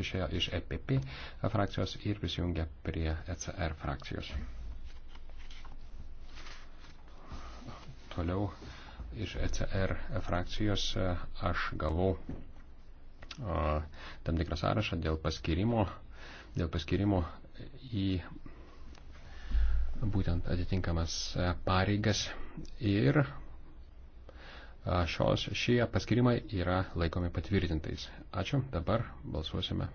išėjo iš EPP frakcijos ir prisijungė prie ECR frakcijos. Toliau iš ECR frakcijos e, aš gavau a, e, tam tikrą sąrašą dėl paskirimo, dėl paskirimo į būtent atitinkamas e, pareigas ir šios, šie paskirimai yra laikomi patvirtintais. Ačiū, dabar balsuosime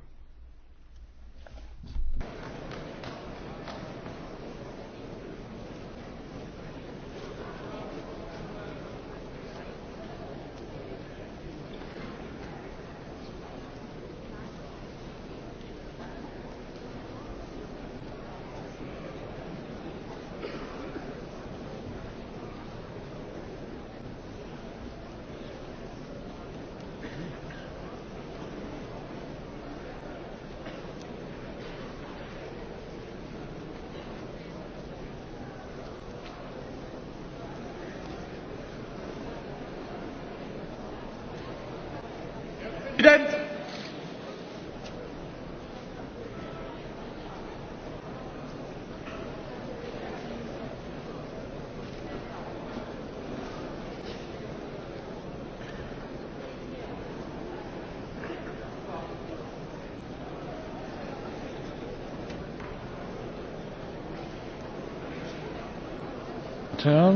President.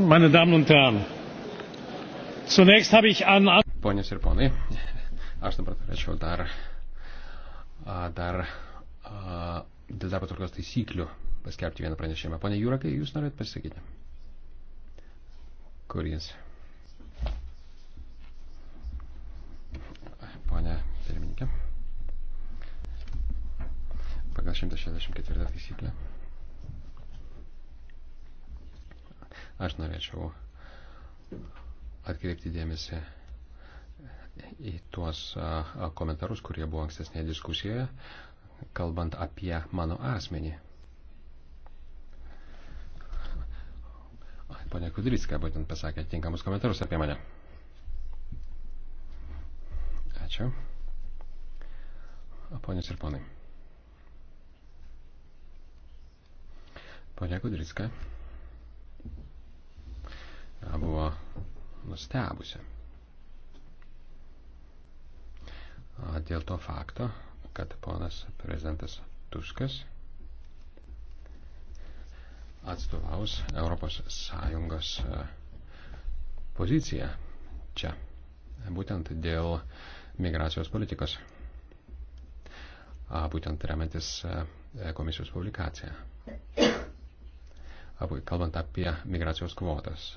meine damen und herren! zunächst habe ich einen antrag Aš dabar norėčiau dar, dar dėl darbo tvarkos taisyklių paskelbti vieną pranešimą. Pone Jūrakai, jūs norėt pasakyti? Kur jis? Pone pirmininkė. Pagal 164 taisyklę. Aš norėčiau atkreipti dėmesį į tuos komentarus, kurie buvo ankstesnėje diskusijoje, kalbant apie mano asmenį. Pane Kudryska būtent pasakė tinkamus komentarus apie mane. Ačiū. Ponios ir ponai. Ponia Kudryska buvo nustebusi. dėl to fakto, kad ponas prezidentas Tuskas atstovaus Europos Sąjungos e, poziciją čia, būtent dėl migracijos politikos, būtent remiantis e, komisijos publikaciją. Kalbant apie migracijos kvotas,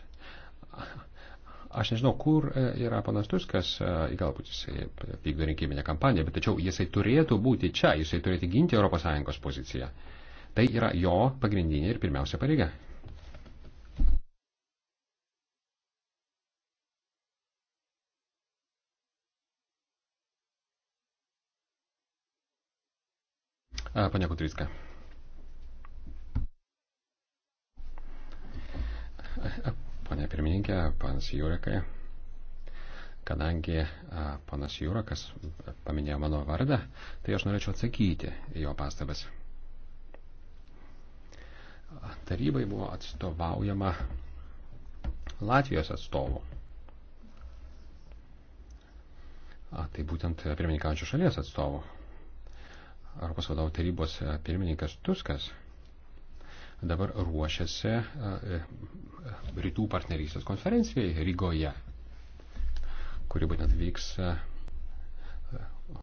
Aš nežinau, kur e, yra panas Tuskas, e, galbūt jisai vykdo rinkiminę kampaniją, bet tačiau jisai turėtų būti čia, jisai turėtų ginti ES poziciją. Tai yra jo pagrindinė ir pirmiausia pareiga. E, Pane Kutryska ponė pirmininkė, panas Jurekai. Kadangi a, panas Jurekas paminėjo mano vardą, tai aš norėčiau atsakyti jo pastabas. Tarybai buvo atstovaujama Latvijos atstovų. A, tai būtent pirmininkaujančių šalies atstovų. Europos vadovų tarybos pirmininkas Tuskas dabar ruošiasi rytų partnerystės konferencijai Rygoje, kuri būtent vyks